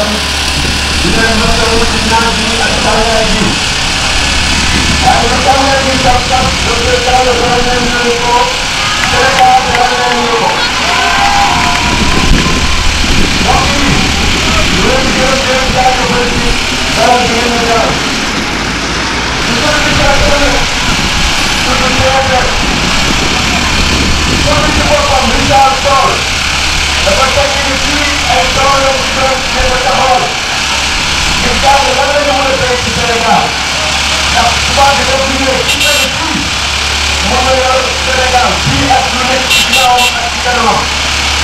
الأسلم من المسعود الناجي التواجي المسعود الناجي tubaab bi daf ñu ne ci benn tur moom la yor Sénégal fii ak lu nekk ci ginnaawam ak ci kanamam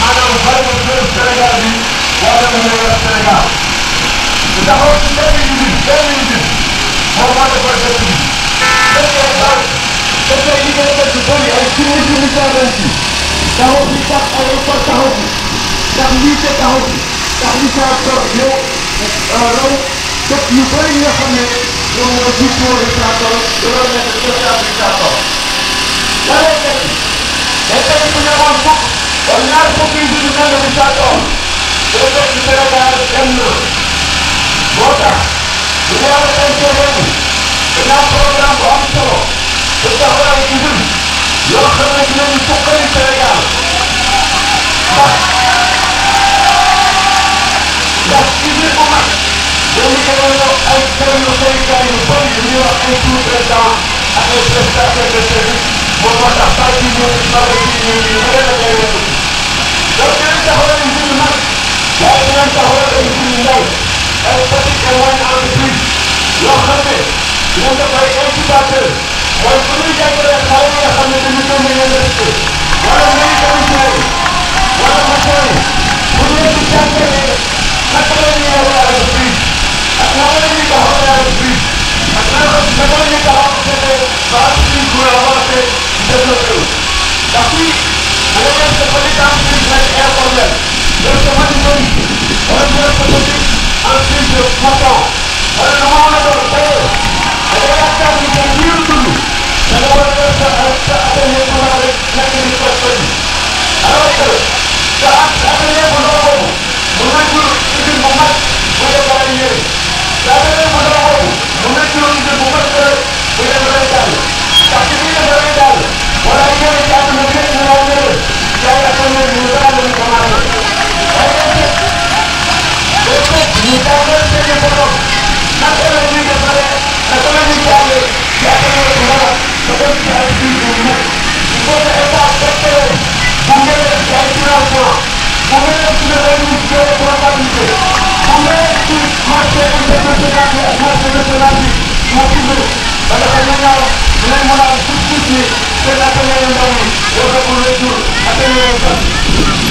maanaam bari na béréb Sénégal bi war na mën a yor Sénégal dafa ci benn minute benn minute moom moo defar dëkk bi dëkkee baax dëkkee liggéeykat yu bëri ay junni junni jaareen ci taxaw ci tax ay école taxaw ci tax lycée taxaw ci tax lycée ak yow raw képp yu bëri yi nga xam ne moom mooy jiitu di Saafara dafa nekk jotaat di Saafara. lan lay def day fekk ku nekkoon fukk wala ñaar fukk yu dund nanga di Saafara dafa fekk Sénégal dem na moo tax bu ñu war a intervenir dinaa programme bu am solo bu taxawal ci ñun yoo xam ne dinañu suqali Sénégal ndax ndax tegaloo ay tegaloo béykat yu bëri yu ñuy wax ay sous-traitants ak ay prestataires de service boobu moo tax bàyyi ci ñoom ci bàyyi ci ñoom ñu ne la koy wetu. donc dinañ taxawal ay usines yu mag waaye dinañ taxawal ay usines yu ndaw ay petites et moyennes entreprises yoo xam ne dinañ def ay incubateurs mooy bu ñuy jàngalee xale yi nga xam ne dañu doon mën a musique en plus de façon wala lu mu mën a doon tey da ngay yaakaar ni tey lii la dund da nga war a def sa sa atelier bu ndaw rek nekk di ko sori alors que sa atelier bu ndaw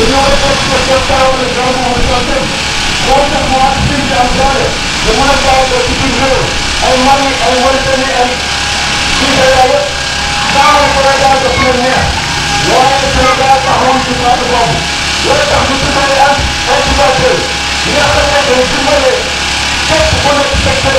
dañoo war a fekk sa kër taw la taw moo war a taw tey boo tax mu am suñ ci am doole nga mën a taw ba ci biir réew ay Mali ay Mauritanie ay Nigéria yëpp taw la ko ragal daf leen neex waaye Sénégal taxawoon ci wàllu boobu loolu tax ñu dimbali ak ay dimbali yi nga xam ne dañu dimbali képp ku nekk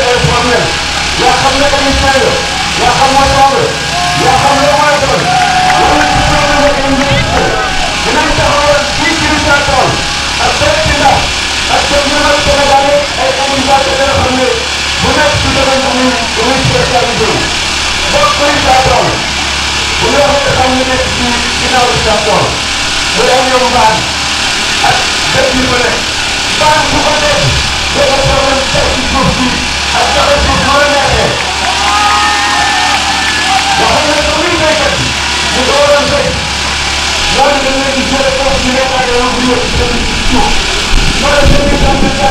d'accord mu dem ñoom baan ak dëkk yu mu nekk baan bu ko nekk dafa problème teg ci suuf bi ak joxe suuf bu la neexee wax na ko muy béykat bi mu ko waroon béy loolu dañ leen di jëlee foofu ñu nekk ak yow bu yëg ci suuf loolu dañ leen di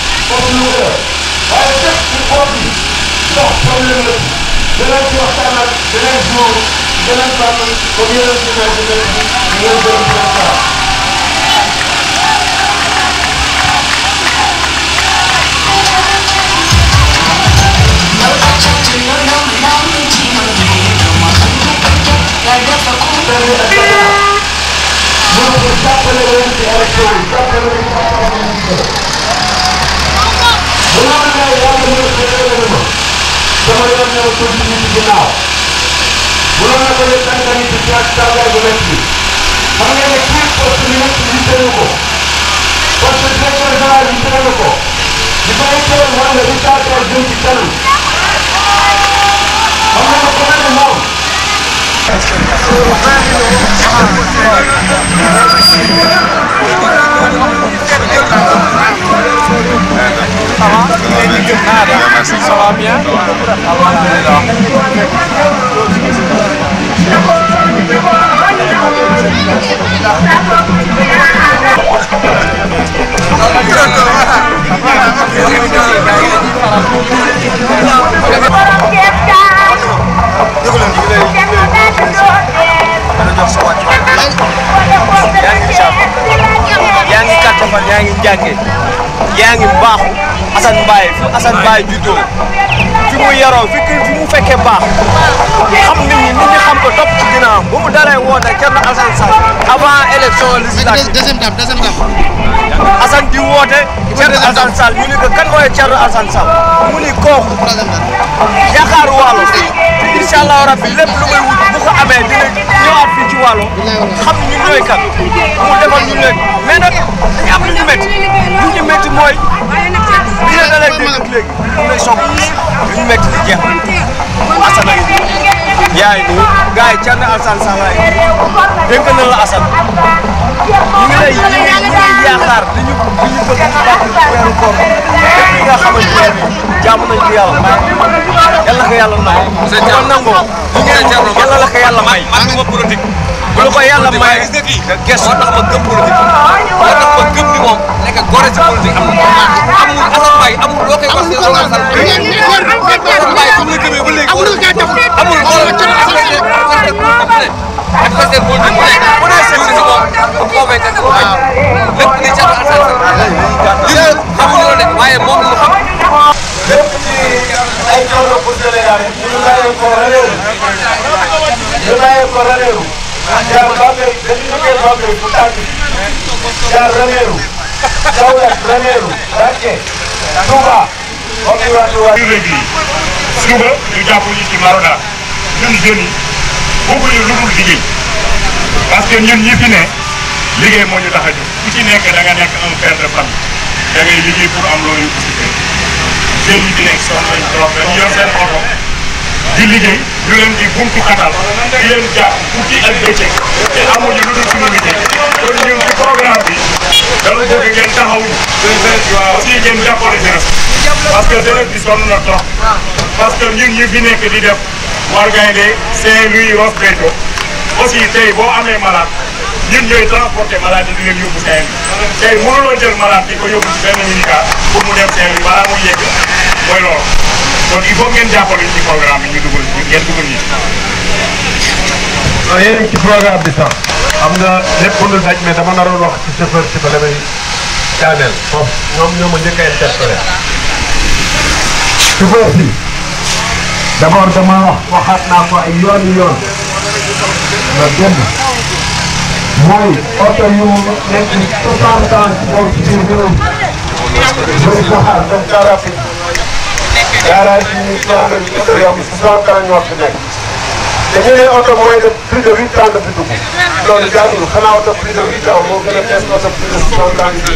comme Louga waaye fépp ci xool bi ndox problème la danañ ci waxtaan ak danañ góor danañ bànn comme yeneen ci mel ci mel bi ngeen gërëm di leen faral. jàppale leen ci élection yi jàppale leen ci xam ne bu tàggatoo jëm ci kanam xam nga ko bëri na moom. Ça va bien? Alhamdulillah. Ndiaye juddoo fi mu yaroo fi fi mu fekkee baax xam nit ñi nit ñi xam ko topp ci ginnaawam bu mu daree woote Thierno Alassane Sall avant élection législative deuxième dame deuxième dame Assane di woote Thierno Alassane Sall ñu ni ko kan mooy Thierno Alassane Sall mu ni kooku yaakaar waalo incha allahu rabbi lépp lu muy wut bu ko amee dina ñëwaat fii ci wàllu xam ñun ñooy kat mu defal ñu léegi mais nag dañu am lu ñu métti lu ñu métti mooy li nga dalee dégg léegi mu lay soog lu ñu métti di jeex asana yi yaay ni gars yi Thierno Alassane Sall dénk na la Assane ñu ngi lay ñu ngi ñu ngi yaakaar li ñu li ñu bëgg ci bàq weeru koor lépp li nga xamante ne jàmm nañ ci yàlla yàlla nangu. monsieur Diallo nangu. yàlla la ko yàlla may. bu la ko yàlla may gis nga kii. gerte moo tax ma gëm politique. moo tax ma gëm ni moom nekk gore ci politique am na amul Assane Mbaye amul loo koy wax si Assane Mbaye bu mu la gëmee ba léegi amul loolu adversaire boo ñu mënee bu dee si si moom bu foofee te du ko bañ lépp li ca la Assane ñun xamuñu loolu de waaye moom la xam lépp ci ay coono yaakaar ñu ngi bàyyi ko rajo ñu bàyyi ko rajo jaar Bambey dañu jógee Bambey bu tàgg jaar Ranérou Kaolack Ranérou Mbacké Touba ok waa Touba. suba ñu jàpp ñu ci Maroda ñun jeunes yi bëgguñu lu dul liggéey parce que ñun ñi fi ne liggéey moo ñu tax a jóg ku ci nekk da nga nekk un père de famille da ngay liggéey pour am loo yu ko si jeunes yi di nekk soxla nañu trop dañu yor seen oto di liggéey di leen di buntu xatal di leen jàpp guddi ak bëccëg te amuñu lu dul suñu liggéey kon ñun ci programme bi dama bëgg ngeen taxawuñu aussi ngeen jàppale jeunesse parce que jeunesse bi sonn na trop parce que ñun ñu fi nekk di def wargaynde Saint-Louis Ross Béthio aussi tey boo amee malade ñun ñooy transporté malade di leen yóbbu Saint-Louis tey mënuloo jël malade di ko yóbbu ci benn minicar pour mu dem Saint-Louis balaa yegg mooy kon il faut ngeen jàppale ci programme bi ñu dugal ñu ngeen dugal ñu. waaw yéen ci programme bi sax xam nga lépp lu daj mais dama naroon wax ci chauffeur si ba damay daaneel foofu ñoom ñoo ma njëkk a interpellé. chauffeur si d'abord dama wax waxaat naa ko ay yoon i yoon nga dem mooy oto yu nekk 60 ans ci kaw ci biir réew mi. mooy soxal comme garage yi ñu soxla ñu ko yokk 60 ñoo fi nekk te ñu ne oto mooy def plus de 8 ans dafay dugg loolu jaaduwul xanaa oto plus de 8 ans moo gën a fees oto plus de 60 ans yi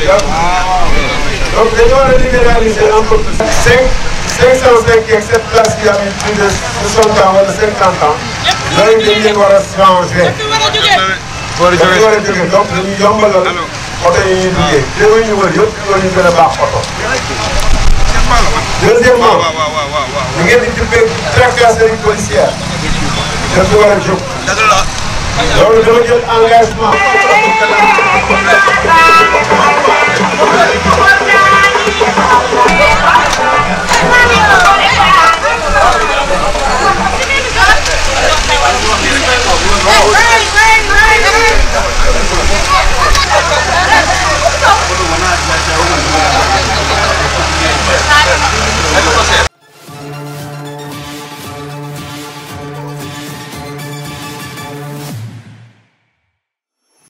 donc dañoo war a libéraliser un peu plus. 5 505 yeeg 7 places yi am plus de 60 ans wala 50 ans loolu dañ leen war a changer. war a jógee war a jógee donc dañuy yombalal oto yi ñuy duggee. léegi ñu wër yëpp ñu gën a baax oto. deuxièmement li ngeen di tuddee tracasserie policière daf ko war a jóg loolu dama jël engagement.